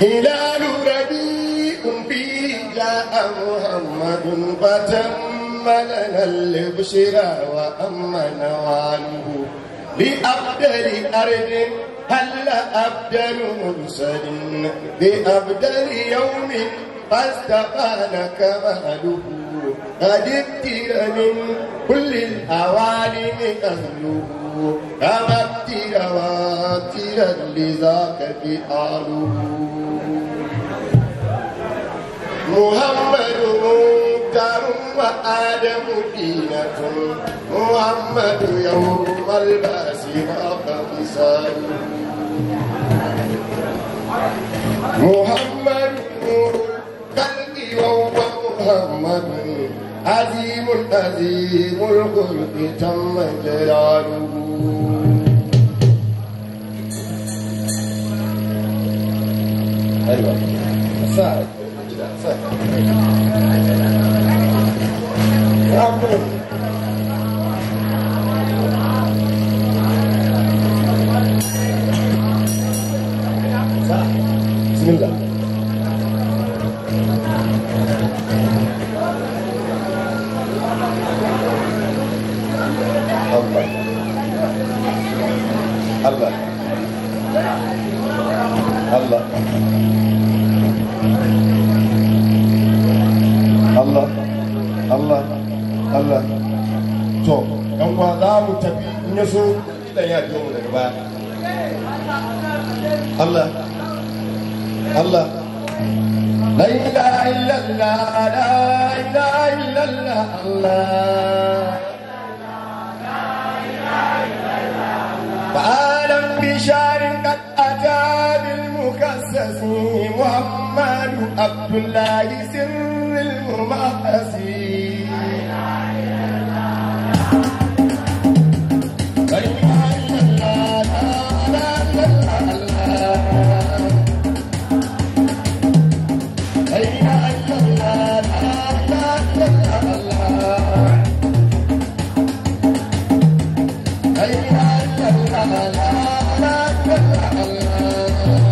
هلال ربيع به جاء محمد فتم لنا البشرى وأمن وعنه لأبدل أرض هل أبدل مرسل بأبدل يوم فاستقال كماله قد ابتل من كل الأوالم أهله كما ابتل وابتلا لذاك فعاله محمد مختار وآدم دينة محمد يوم الباس وقد صار محمد محمد عظيم عظيم الخلق تم جلاله ايوه ساعد ساعد الله الله الله Allah Allah Allah to dan kwa za mu tafi in ya so dan ya biyo mu daga baya Allah Allah la ilaha لا إله إلا الله فعالم بشار قد أتى بالمكسس محمد عبد الله سر الممحسين La la la.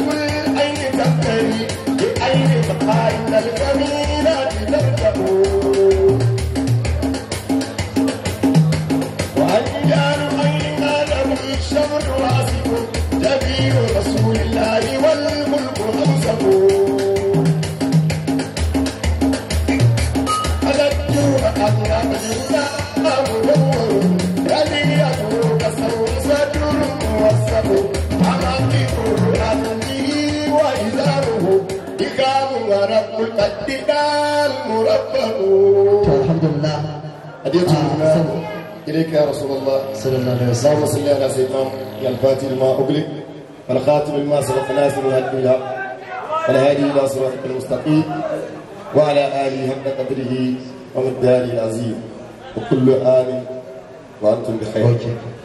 العدو أين تفتري بأين تقع الكلمة مقددا مربه طيب، الحمد لله هدية آه إليك يا رسول الله صلى الله عليه وسلم اللهم صل على سيدنا الفاتح لما أغلق والخاتم لما سبق ناصر الهدي بالحق والهادي إلى صراط المستقيم وعلى آله حق قدره ومقداره العظيم وكل آمن وأنتم بخير